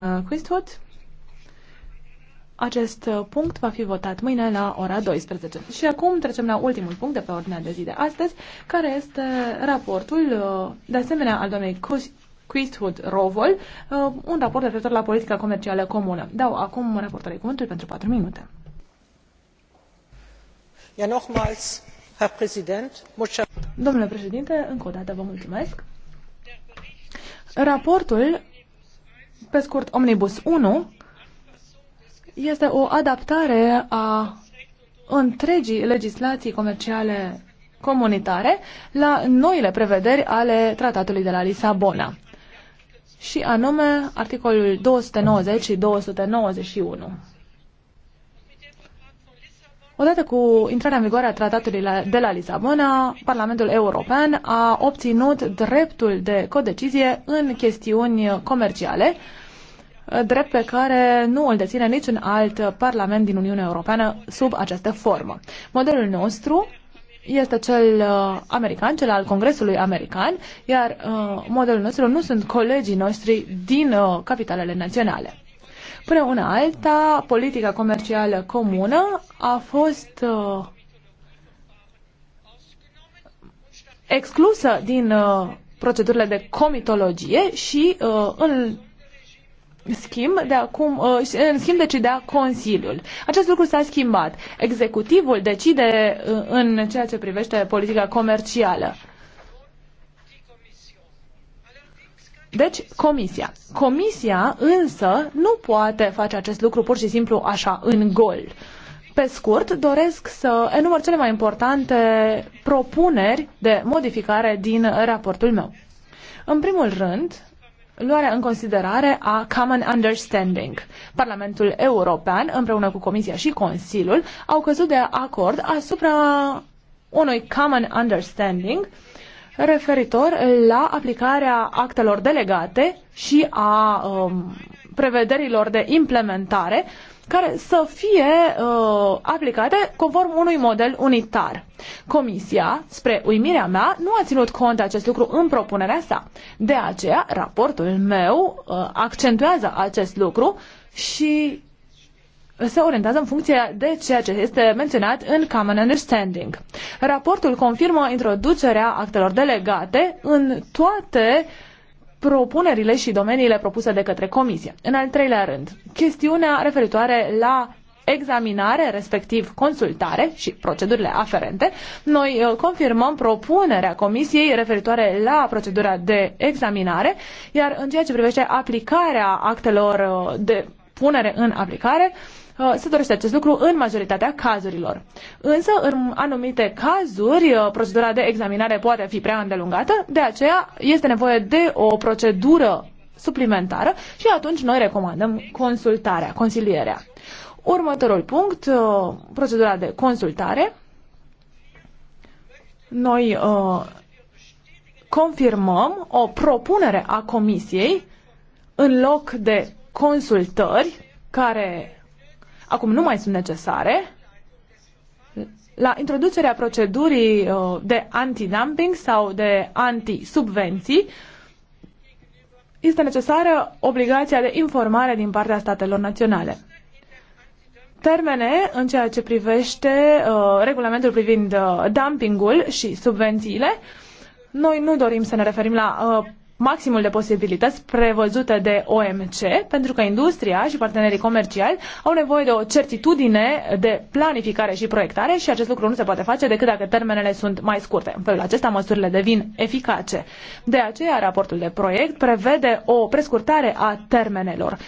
Uh, Quisthood. Acest uh, punct va fi votat mâine la ora 12. Și acum trecem la ultimul punct de pe ordinea de zi de astăzi, care este raportul, uh, de asemenea, al doamnei Quisthood Rovol, un raport referitor la politica comercială comună. Dau acum raportului cuvântul pentru 4 minute. Ja, nochmals, Herr Präsident, Domnule președinte, încă o dată vă mulțumesc. Raportul pe scurt Omnibus 1, este o adaptare a întregii legislații comerciale comunitare la noile prevederi ale Tratatului de la Lisabona și anume articolul 290 și 291. Odată cu intrarea în vigoare a tratatului de la Lisabona, Parlamentul European a obținut dreptul de codecizie în chestiuni comerciale, drept pe care nu îl deține niciun alt parlament din Uniunea Europeană sub această formă. Modelul nostru este cel uh, american, cel al Congresului american, iar uh, modelul nostru nu sunt colegii noștri din uh, capitalele naționale. Până una alta, politica comercială comună a fost uh, exclusă din uh, procedurile de comitologie și uh, în schimb de acum, uh, în schimb decidea Consiliul. Acest lucru s-a schimbat. Executivul decide uh, în ceea ce privește politica comercială. Deci, comisia. Comisia însă nu poate face acest lucru pur și simplu așa, în gol. Pe scurt, doresc să enumăr cele mai importante propuneri de modificare din raportul meu. În primul rând, luarea în considerare a Common Understanding. Parlamentul European, împreună cu Comisia și Consiliul, au căzut de acord asupra unui Common Understanding referitor la aplicarea actelor delegate și a um, prevederilor de implementare care să fie uh, aplicate conform unui model unitar. Comisia, spre uimirea mea, nu a ținut cont de acest lucru în propunerea sa. De aceea, raportul meu uh, accentuează acest lucru și se orientează în funcție de ceea ce este menționat în Common Understanding. Raportul confirmă introducerea actelor delegate în toate propunerile și domeniile propuse de către Comisie. În al treilea rând, chestiunea referitoare la examinare, respectiv consultare și procedurile aferente. Noi uh, confirmăm propunerea Comisiei referitoare la procedura de examinare, iar în ceea ce privește aplicarea actelor uh, de punere în aplicare, Uh, se dorește acest lucru în majoritatea cazurilor. Însă, în anumite cazuri, uh, procedura de examinare poate fi prea îndelungată, de aceea este nevoie de o procedură suplimentară și atunci noi recomandăm consultarea, consilierea. Următorul punct, uh, procedura de consultare. Noi uh, confirmăm o propunere a Comisiei în loc de consultări care acum nu mai sunt necesare, la introducerea procedurii uh, de antidumping sau de anti-subvenții, este necesară obligația de informare din partea statelor naționale. Termene în ceea ce privește uh, regulamentul privind uh, dumpingul și subvențiile, noi nu dorim să ne referim la uh, maximul de posibilități prevăzute de OMC, pentru că industria și partenerii comerciali au nevoie de o certitudine de planificare și proiectare și acest lucru nu se poate face decât dacă termenele sunt mai scurte. În felul acesta, măsurile devin eficace. De aceea, raportul de proiect prevede o prescurtare a termenelor.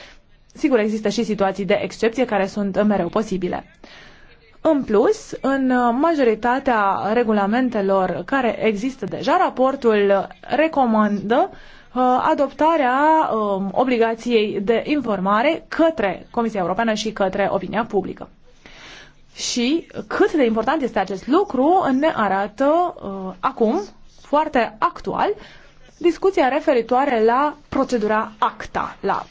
Sigur, există și situații de excepție care sunt mereu posibile. În plus, în majoritatea regulamentelor care există deja, raportul recomandă uh, adoptarea um, obligației de informare către Comisia Europeană și către opinia publică. Și cât de important este acest lucru ne arată uh, acum, foarte actual, discuția referitoare la procedura ACTA, la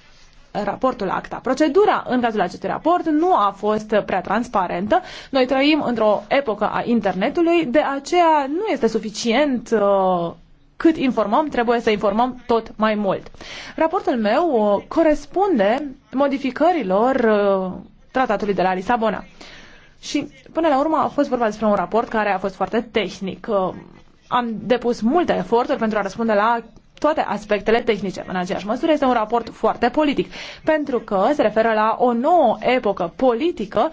raportul ACTA. Procedura în cazul acestui raport nu a fost prea transparentă. Noi trăim într-o epocă a internetului, de aceea nu este suficient uh, cât informăm, trebuie să informăm tot mai mult. Raportul meu uh, corespunde modificărilor uh, tratatului de la Lisabona. Și până la urmă a fost vorba despre un raport care a fost foarte tehnic. Uh, am depus multe eforturi pentru a răspunde la toate aspectele tehnice. În aceeași măsură este un raport foarte politic, pentru că se referă la o nouă epocă politică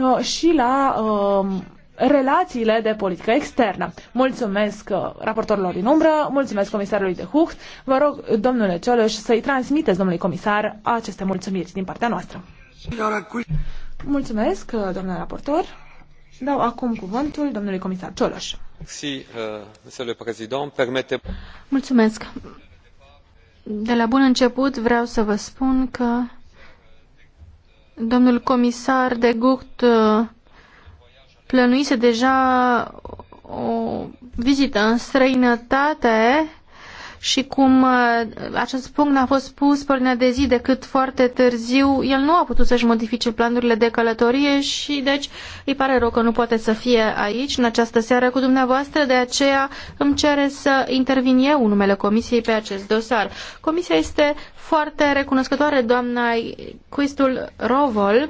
uh, și la um, relațiile de politică externă. Mulțumesc uh, raportorilor din umbră, mulțumesc comisarului de Hucht. Vă rog, domnule Cioloș, să-i transmiteți, domnului comisar, aceste mulțumiri din partea noastră. Mulțumesc, uh, domnule raportor. Dau acum cuvântul domnului comisar Cioloș. Euh, Mulțumesc. De la bun început vreau să vă spun că domnul comisar de Gucht uh, plănuise deja o vizită în străinătate și cum uh, acest punct n-a fost pus pe ordinea de zi decât foarte târziu, el nu a putut să-și modifice planurile de călătorie și deci îi pare rău că nu poate să fie aici în această seară cu dumneavoastră, de aceea îmi cere să intervin eu în numele Comisiei pe acest dosar. Comisia este foarte recunoscătoare doamnei Cuistul Rovol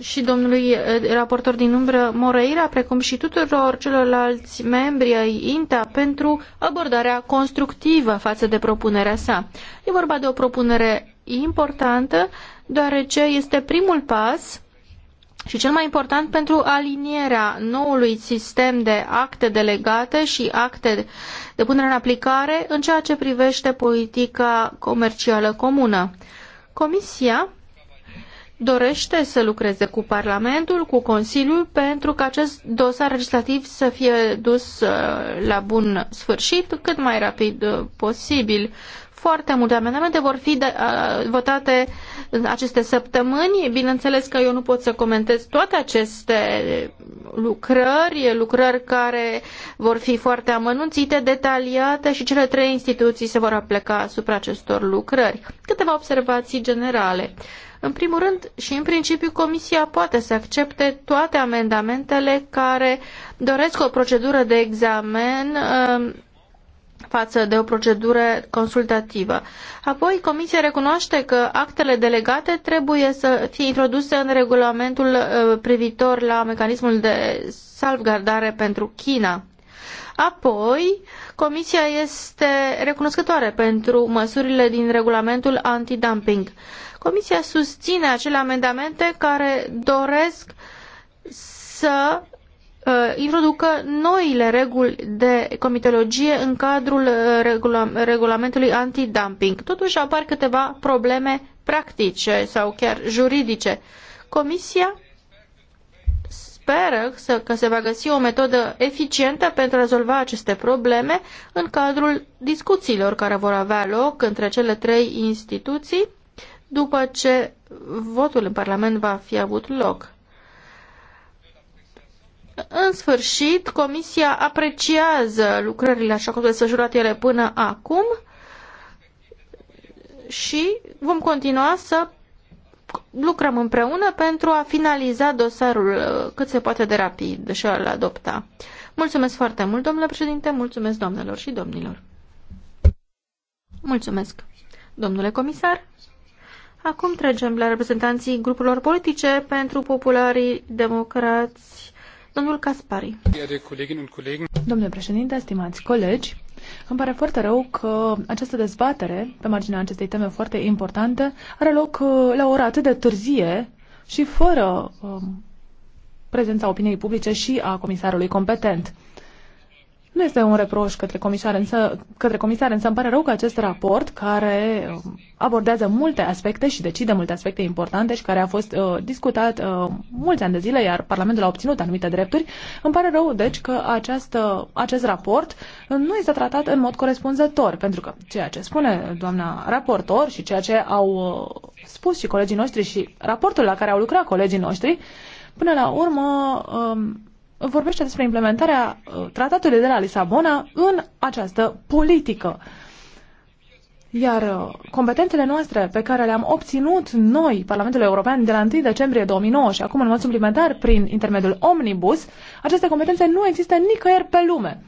și domnului eh, raportor din umbră Moreira, precum și tuturor celorlalți membri ai INTA pentru abordarea constructivă față de propunerea sa. E vorba de o propunere importantă, deoarece este primul pas și cel mai important pentru alinierea noului sistem de acte delegate și acte de punere în aplicare în ceea ce privește politica comercială comună. Comisia dorește să lucreze cu Parlamentul, cu Consiliul, pentru ca acest dosar legislativ să fie dus uh, la bun sfârșit cât mai rapid uh, posibil. Foarte multe amendamente vor fi de, uh, votate în aceste săptămâni. Bineînțeles că eu nu pot să comentez toate aceste lucrări, lucrări care vor fi foarte amănunțite, detaliate și cele trei instituții se vor apleca asupra acestor lucrări. Câteva observații generale. În primul rând și în principiu, Comisia poate să accepte toate amendamentele care doresc o procedură de examen um, față de o procedură consultativă. Apoi, Comisia recunoaște că actele delegate trebuie să fie introduse în regulamentul uh, privitor la mecanismul de salvgardare pentru China. Apoi, Comisia este recunoscătoare pentru măsurile din regulamentul antidumping. Comisia susține acele amendamente care doresc să Uh, introducă noile reguli de comitologie în cadrul uh, regula regulamentului antidumping. Totuși apar câteva probleme practice sau chiar juridice. Comisia speră că se va găsi o metodă eficientă pentru a rezolva aceste probleme în cadrul discuțiilor care vor avea loc între cele trei instituții după ce votul în Parlament va fi avut loc. În sfârșit, Comisia apreciază lucrările așa cum s-au desfășurate ele până acum și vom continua să lucrăm împreună pentru a finaliza dosarul uh, cât se poate de rapid și a-l adopta. Mulțumesc foarte mult, domnule președinte, mulțumesc doamnelor și domnilor. Mulțumesc, domnule comisar. Acum trecem la reprezentanții grupurilor politice pentru popularii democrați Domnul Caspari. Domnule președinte, stimați colegi, îmi pare foarte rău că această dezbatere, pe marginea acestei teme foarte importante, are loc uh, la o oră atât de târzie și fără um, prezența opiniei publice și a comisarului competent. Nu este un reproș către comisar, însă, către comisar, însă îmi pare rău că acest raport, care um, abordează multe aspecte și decide multe aspecte importante și care a fost uh, discutat uh, mulți ani de zile, iar Parlamentul a obținut anumite drepturi, îmi pare rău, deci, că această, acest raport uh, nu este tratat în mod corespunzător, pentru că ceea ce spune doamna raportor și ceea ce au uh, spus și colegii noștri și raportul la care au lucrat colegii noștri, până la urmă... Uh, vorbește despre implementarea uh, tratatului de la Lisabona în această politică. Iar uh, competențele noastre pe care le-am obținut noi, Parlamentul European, de la 1 decembrie 2009 și acum în mod suplimentar prin intermediul Omnibus, aceste competențe nu există nicăieri pe lume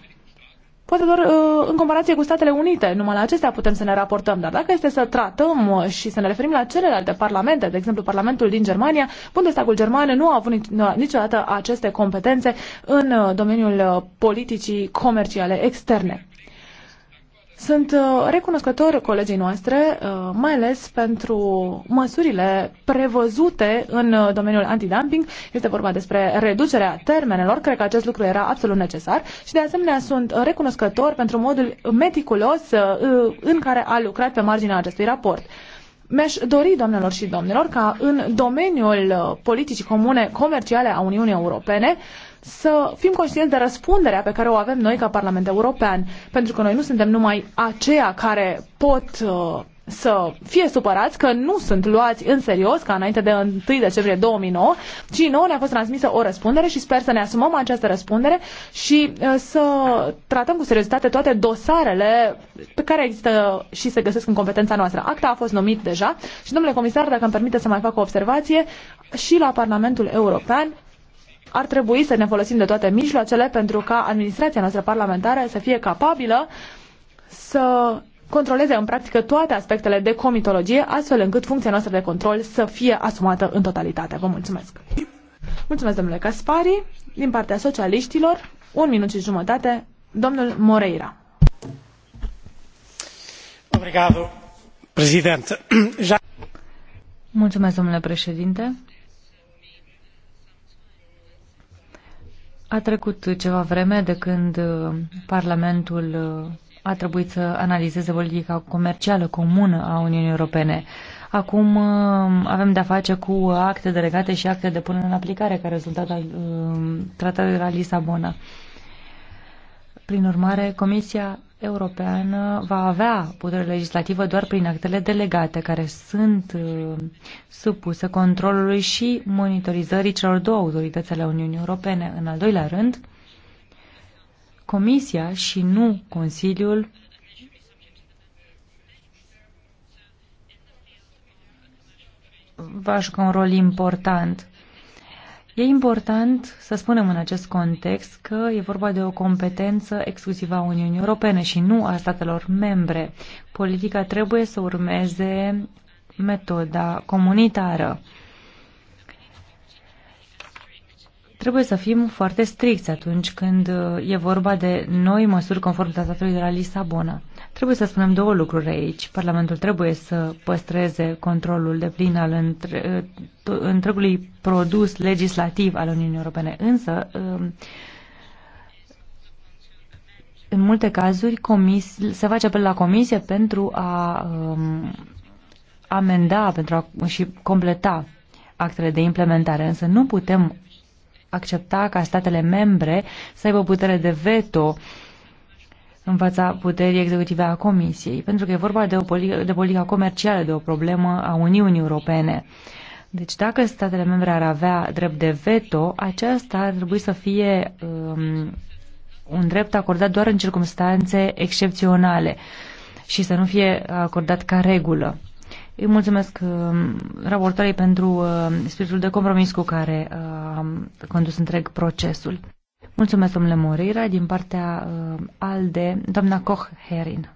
poate doar uh, în comparație cu Statele Unite, numai la acestea putem să ne raportăm, dar dacă este să tratăm uh, și să ne referim la celelalte parlamente, de exemplu Parlamentul din Germania, Bundestagul german nu a avut niciodată aceste competențe în uh, domeniul politicii comerciale externe. Sunt uh, recunoscător colegii noastre, uh, mai ales pentru măsurile prevăzute în uh, domeniul antidumping. Este vorba despre reducerea termenelor. Cred că acest lucru era absolut necesar și de asemenea sunt recunoscător pentru modul meticulos în care a lucrat pe marginea acestui raport. Mi-aș dori, doamnelor și domnilor, ca în domeniul politicii comune comerciale a Uniunii Europene să fim conștienți de răspunderea pe care o avem noi ca Parlament European, pentru că noi nu suntem numai aceia care pot uh, să fie supărați că nu sunt luați în serios ca înainte de 1 decembrie 2009, ci nouă ne-a fost transmisă o răspundere și sper să ne asumăm această răspundere și uh, să tratăm cu seriozitate toate dosarele pe care există și se găsesc în competența noastră. Acta a fost numit deja și, domnule comisar, dacă îmi permite să mai fac o observație, și la Parlamentul European ar trebui să ne folosim de toate mijloacele pentru ca administrația noastră parlamentară să fie capabilă să controleze în practică toate aspectele de comitologie, astfel încât funcția noastră de control să fie asumată în totalitate. Vă mulțumesc! Mulțumesc, domnule Caspari. Din partea socialiștilor, un minut și jumătate, domnul Moreira. Mulțumesc, domnule președinte. A trecut ceva vreme de când uh, Parlamentul uh, a trebuit să analizeze politica comercială comună a Uniunii Europene. Acum uh, avem de-a face cu acte delegate și acte de punere în aplicare ca rezultat al tratatului de la Lisabona. Prin urmare, Comisia Europeană va avea putere legislativă doar prin actele delegate, care sunt uh, supuse controlului și monitorizării celor două autorități ale Uniunii Europene. În al doilea rând, Comisia și nu Consiliul va juca un rol important E important să spunem în acest context că e vorba de o competență exclusivă a Uniunii Europene și nu a statelor membre. Politica trebuie să urmeze metoda comunitară. Trebuie să fim foarte stricți atunci când uh, e vorba de noi măsuri conform tratatului de la Lisabona. Trebuie să spunem două lucruri aici. Parlamentul trebuie să păstreze controlul de plin al între, uh, întregului produs legislativ al Uniunii Europene, însă um, în multe cazuri comis, se face apel la comisie pentru a um, amenda pentru a, și completa actele de implementare, însă nu putem accepta ca statele membre să aibă putere de veto în fața puterii executive a Comisiei, pentru că e vorba de, o politică, de politica comercială, de o problemă a Uniunii Europene. Deci dacă statele membre ar avea drept de veto, aceasta ar trebui să fie um, un drept acordat doar în circunstanțe excepționale și să nu fie acordat ca regulă. Îi mulțumesc uh, raportorii pentru uh, spiritul de compromis cu care uh, a condus întreg procesul. Mulțumesc, domnule Moreira, din partea ALDE, doamna Koch-Herin.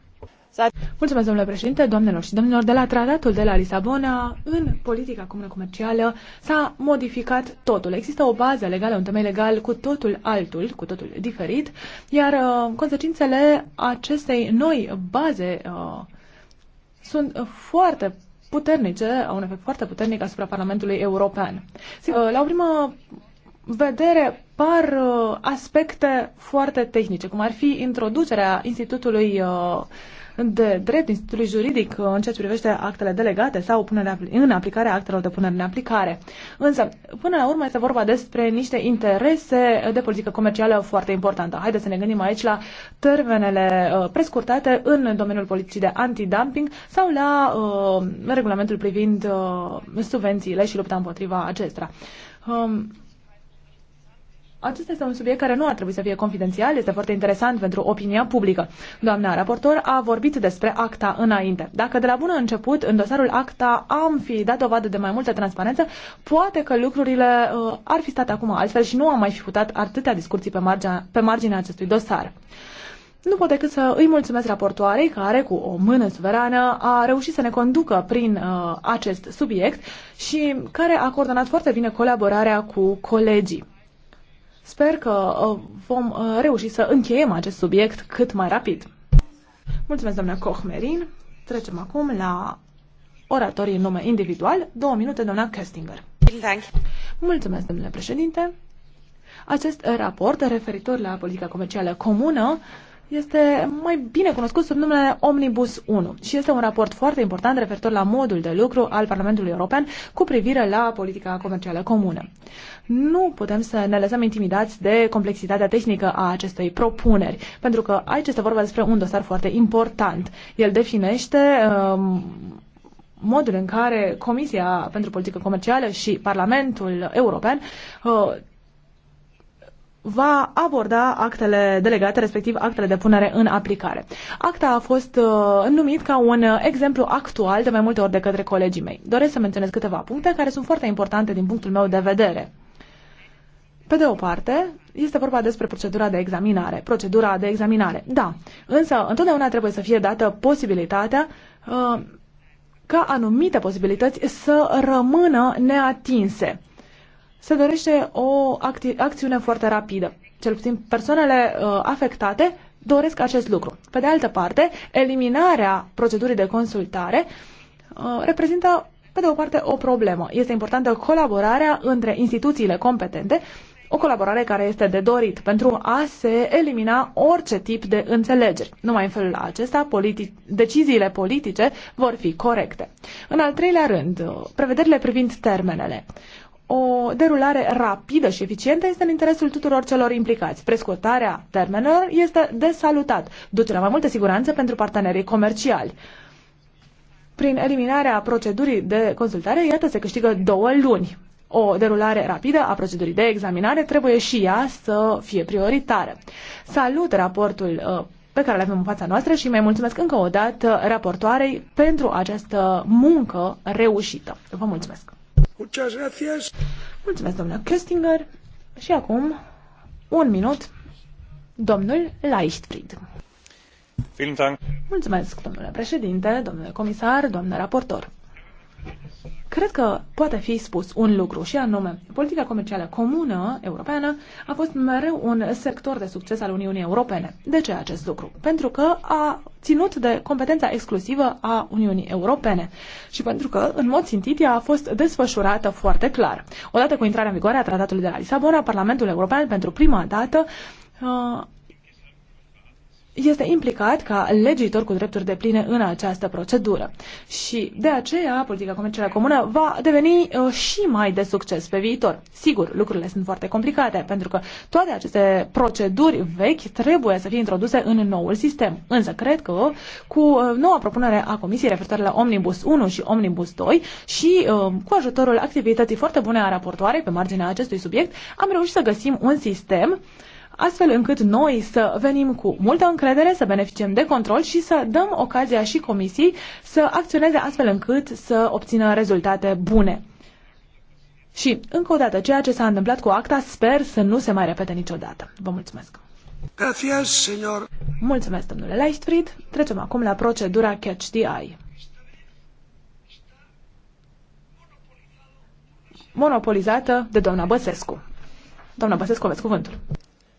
Mulțumesc, domnule președinte, doamnelor și domnilor. De la tratatul de la Lisabona, în politica comună comercială, s-a modificat totul. Există o bază legală, un temei legal cu totul altul, cu totul diferit, iar uh, consecințele acestei noi baze uh, sunt foarte puternice, au un efect foarte puternic asupra Parlamentului European. La o primă vedere par uh, aspecte foarte tehnice, cum ar fi introducerea Institutului uh, de drept institutului juridic în ceea ce privește actele delegate sau punerea în aplicare a actelor de punere în aplicare. Însă, până la urmă, este vorba despre niște interese de politică comercială foarte importantă. Haideți să ne gândim aici la termenele uh, prescurtate în domeniul politicii de antidumping sau la uh, regulamentul privind uh, subvențiile și lupta împotriva acestora. Um, acesta este un subiect care nu ar trebui să fie confidențial, este foarte interesant pentru opinia publică. Doamna raportor a vorbit despre acta înainte. Dacă de la bun început, în dosarul acta, am fi dat dovadă de mai multă transparență, poate că lucrurile uh, ar fi stat acum altfel și nu am mai fi putut atâtea discuții pe, marge, pe marginea acestui dosar. Nu pot decât să îi mulțumesc raportoarei care, cu o mână suverană, a reușit să ne conducă prin uh, acest subiect și care a coordonat foarte bine colaborarea cu colegii. Sper că uh, vom uh, reuși să încheiem acest subiect cât mai rapid. Mulțumesc, doamna Kochmerin. Trecem acum la oratorii în nume individual. Două minute, doamna Kestinger. Mulțumesc, domnule președinte. Acest raport referitor la politica comercială comună este mai bine cunoscut sub numele Omnibus 1 și este un raport foarte important referitor la modul de lucru al Parlamentului European cu privire la politica comercială comună. Nu putem să ne lăsăm intimidați de complexitatea tehnică a acestei propuneri, pentru că aici este vorba despre un dosar foarte important. El definește um, modul în care Comisia pentru Politică Comercială și Parlamentul European uh, va aborda actele delegate, respectiv actele de punere în aplicare. Acta a fost uh, numit ca un uh, exemplu actual de mai multe ori de către colegii mei. Doresc să menționez câteva puncte care sunt foarte importante din punctul meu de vedere. Pe de o parte, este vorba despre procedura de examinare. Procedura de examinare, da. Însă, întotdeauna trebuie să fie dată posibilitatea uh, ca anumite posibilități să rămână neatinse se dorește o acti- acțiune foarte rapidă. Cel puțin persoanele uh, afectate doresc acest lucru. Pe de altă parte, eliminarea procedurii de consultare uh, reprezintă, pe de o parte, o problemă. Este importantă colaborarea între instituțiile competente, o colaborare care este de dorit pentru a se elimina orice tip de înțelegeri. Numai în felul acesta, politi- deciziile politice vor fi corecte. În al treilea rând, uh, prevederile privind termenele o derulare rapidă și eficientă este în interesul tuturor celor implicați. Prescurtarea termenelor este de salutat, duce la mai multă siguranță pentru partenerii comerciali. Prin eliminarea procedurii de consultare, iată, se câștigă două luni. O derulare rapidă a procedurii de examinare trebuie și ea să fie prioritară. Salut raportul uh, pe care le avem în fața noastră și mai mulțumesc încă o dată raportoarei pentru această muncă reușită. Vă mulțumesc! Muchas gracias. Mulțumesc, domnule Köstinger. Și acum, un minut, domnul Leichtfried. Mulțumesc, domnule președinte, domnule comisar, domnule raportor cred că poate fi spus un lucru și anume, politica comercială comună europeană a fost mereu un sector de succes al Uniunii Europene. De ce acest lucru? Pentru că a ținut de competența exclusivă a Uniunii Europene și pentru că, în mod țintit, ea a fost desfășurată foarte clar. Odată cu intrarea în vigoare a Tratatului de la Lisabona, Parlamentul European pentru prima dată este implicat ca legitor cu drepturi de pline în această procedură. Și de aceea, politica comercială comună va deveni uh, și mai de succes pe viitor. Sigur, lucrurile sunt foarte complicate, pentru că toate aceste proceduri vechi trebuie să fie introduse în noul sistem. Însă, cred că cu uh, noua propunere a Comisiei referitoare la Omnibus 1 și Omnibus 2 și uh, cu ajutorul activității foarte bune a raportoarei pe marginea acestui subiect, am reușit să găsim un sistem uh, astfel încât noi să venim cu multă încredere, să beneficiem de control și să dăm ocazia și comisiei să acționeze astfel încât să obțină rezultate bune. Și, încă o dată, ceea ce s-a întâmplat cu acta sper să nu se mai repete niciodată. Vă mulțumesc! Gracias, señor. Mulțumesc, domnule Leichtfried. Trecem acum la procedura Catch the Eye. Monopolizată de doamna Băsescu. Doamna Băsescu, aveți cuvântul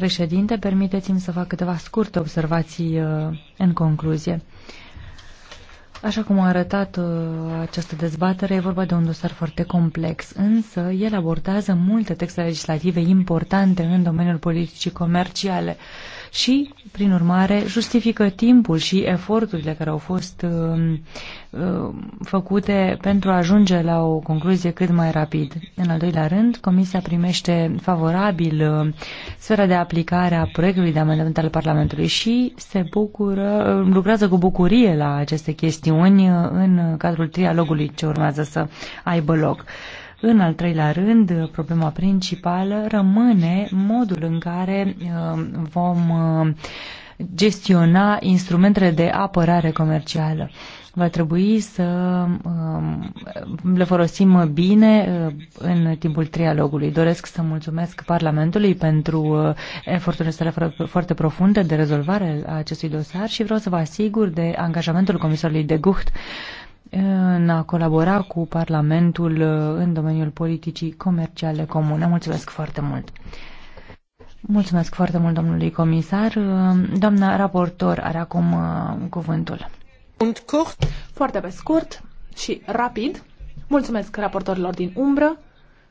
președinte, permiteți-mi să fac câteva scurte observații uh, în concluzie. Așa cum a arătat uh, această dezbatere, e vorba de un dosar foarte complex, însă el abordează multe texte legislative importante în domeniul politicii comerciale. Uh, și, prin urmare, justifică timpul și eforturile care au fost uh, uh, făcute pentru a ajunge la o concluzie cât mai rapid. În al doilea rând, Comisia primește favorabil uh, sfera de aplicare a proiectului de amendament al Parlamentului și se bucură, uh, lucrează cu bucurie la aceste chestiuni uh, în cadrul trialogului ce urmează să aibă loc. Uh, în al treilea rând, problema principală rămâne modul în care uh, vom uh, gestiona instrumentele de apărare comercială. Va trebui să um, le folosim bine uh, în timpul trialogului. Doresc să mulțumesc Parlamentului pentru eforturile sale foarte profunde de rezolvare a acestui dosar și vreau să vă asigur de angajamentul comisarului de Gucht în a colabora cu Parlamentul uh, în domeniul politicii comerciale comune. Mulțumesc foarte mult! Mulțumesc foarte mult, domnului comisar. Uh, doamna raportor are acum uh, cuvântul. Foarte pe scurt și rapid. Mulțumesc raportorilor din umbră.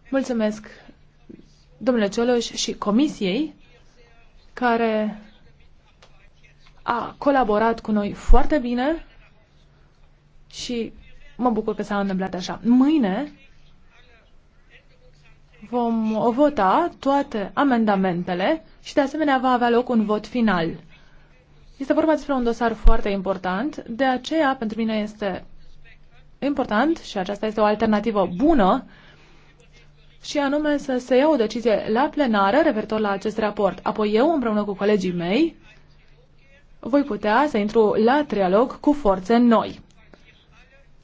Mulțumesc domnule Cioloș și comisiei care a colaborat cu noi foarte bine și mă bucur că s-a întâmplat așa. Mâine vom vota toate amendamentele și de asemenea va avea loc un vot final. Este vorba despre un dosar foarte important, de aceea pentru mine este important și aceasta este o alternativă bună și anume să se ia o decizie la plenară referitor la acest raport. Apoi eu, împreună cu colegii mei, voi putea să intru la trialog cu forțe noi.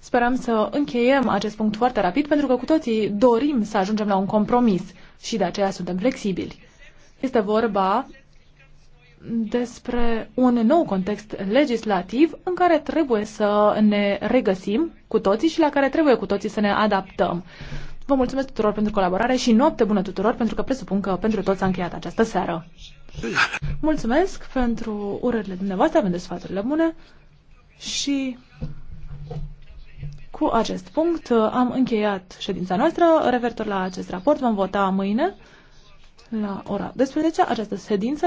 Sperăm să încheiem acest punct foarte rapid, pentru că cu toții dorim să ajungem la un compromis și de aceea suntem flexibili. Este vorba despre un nou context legislativ în care trebuie să ne regăsim cu toții și la care trebuie cu toții să ne adaptăm. Vă mulțumesc tuturor pentru colaborare și noapte bună tuturor, pentru că presupun că pentru toți s-a încheiat această seară. Mulțumesc pentru urările dumneavoastră, pentru sfaturile bune și cu acest punct uh, am încheiat ședința noastră. Referitor la acest raport vom vota mâine la ora 12. Această ședință